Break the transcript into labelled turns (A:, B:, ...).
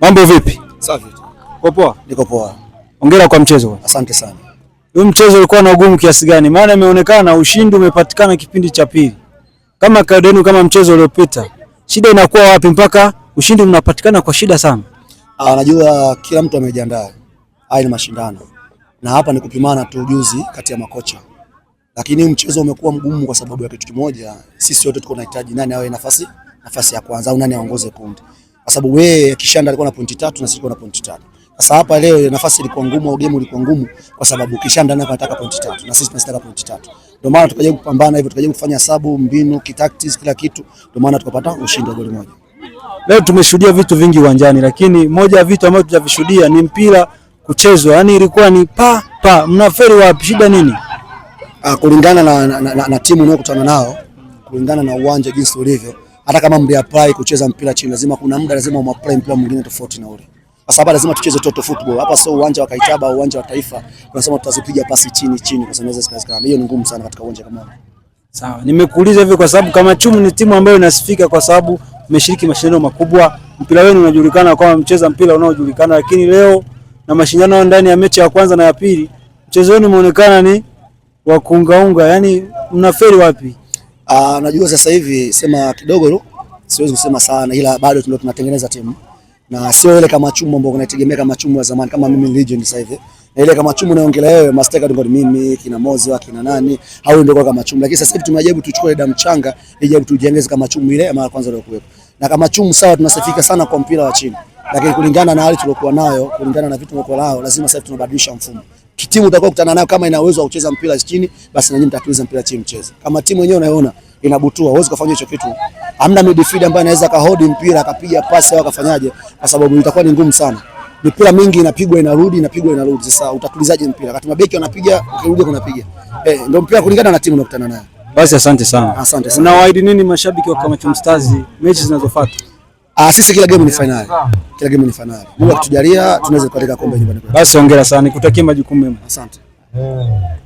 A: Mambo vipi? Safi Uko poa? Niko poa. Hongera kwa mchezo. Asante sana. Huu mchezo ulikuwa na ugumu kiasi gani? Maana imeonekana ushindi umepatikana kipindi cha pili. Kama kaida yenu kama mchezo uliopita, shida inakuwa wapi mpaka ushindi unapatikana kwa shida sana?
B: Ah, najua kila mtu amejiandaa. Haya ni mashindano. Na hapa ni kupimana tu ujuzi kati ya makocha. Lakini mchezo umekuwa mgumu kwa sababu ya kitu kimoja, sisi wote tuko tunahitaji nani awe nafasi nafasi ya kwanza au nani aongoze kundi kwa sababu wewe akishinda alikuwa na pointi tatu na sisi tulikuwa na pointi tatu. Sasa hapa leo nafasi ilikuwa ngumu au game ilikuwa ngumu kwa sababu Kishanda naye anataka pointi tatu na sisi tunataka pointi tatu. Ndio maana tukajaribu kupambana hivyo, tukajaribu kufanya sabu, mbinu, kitactics, kila kitu. Ndio maana tukapata ushindi wa goli moja.
A: Leo tumeshuhudia vitu vingi uwanjani, lakini moja ya vitu ambavyo tutavishuhudia ni mpira kuchezwa, yani ilikuwa ni pa pa. Mnaferi wapi? Shida nini?
B: Ah, kulingana na, na, na, na timu unayokutana nao, kulingana na uwanja jinsi ulivyo hata kama apply kucheza mpira chini, lazima kuna muda, lazima um apply mpira mwingine tofauti na ule. kwa sababu lazima tucheze toto football. Hapa sio uwanja wa Kaitaba au uwanja wa Taifa. Tunasema tutazipiga pasi chini chini, kwa sababu inaweza inawezekana. Hiyo ni ngumu sana katika uwanja kama huu.
A: Sawa, nimekuuliza hivi kwa sababu kama Chumu ni timu ambayo inasifika kwa sababu umeshiriki mashindano makubwa, mpira wenu unajulikana kama mcheza mpira unaojulikana, lakini leo na mashindano ndani ya mechi ya kwanza na ya pili, mchezo wenu umeonekana ni wa kuungaunga, yani mnaferi wapi?
B: Uh, najua sasa hivi sema kidogo tu siwezi kusema sana, ila bado tunatengeneza timu na sio ile kama chumbo ambayo unategemea kama chumbo ya zamani, kama mimi legend sasa hivi na ile kama chumbo unaongelea wewe masteka ndio mimi kina Mozi wa kina nani au ndio kama chumbo, lakini sasa hivi tumejaribu tuchukue damu changa, ili tujengeze kama chumbo ile mara kwanza ndio kuwepo na kama chumbo sawa, tunasifika sana kwa mpira wa chini lakini kulingana na hali tuliokuwa nayo, kulingana na vitu tulivyokuwa nao, lazima sasa tunabadilisha mfumo. Timu utakuwa kutana nayo, kama ina uwezo wa kucheza mpira chini, basi na nyinyi mtatuliza mpira chini mcheze. Kama timu yenyewe unaiona inabutua, huwezi kufanya hicho kitu. Hamna midfield ambaye anaweza kahodi mpira akapiga pasi au akafanyaje, kwa sababu itakuwa ni ngumu sana. Mipira mingi inapigwa inarudi, inapigwa inarudi. Sasa utatulizaje mpira? Kati mabeki wanapiga, ukirudi kunapiga. Eh, ndio mpira kulingana na timu unakutana nayo.
A: Basi asante sana. Asante sana. Unawaahidi nini mashabiki wa Kamachumu Stars mechi zinazofuata?
B: Ah, sisi kila game ni finali. Kila game ni finali. Mungu atujalia tunaweza kupata kombe nyumbani
A: kwetu. Basi hongera sana, nikutakie majukumu mema.
B: Asante. Eh.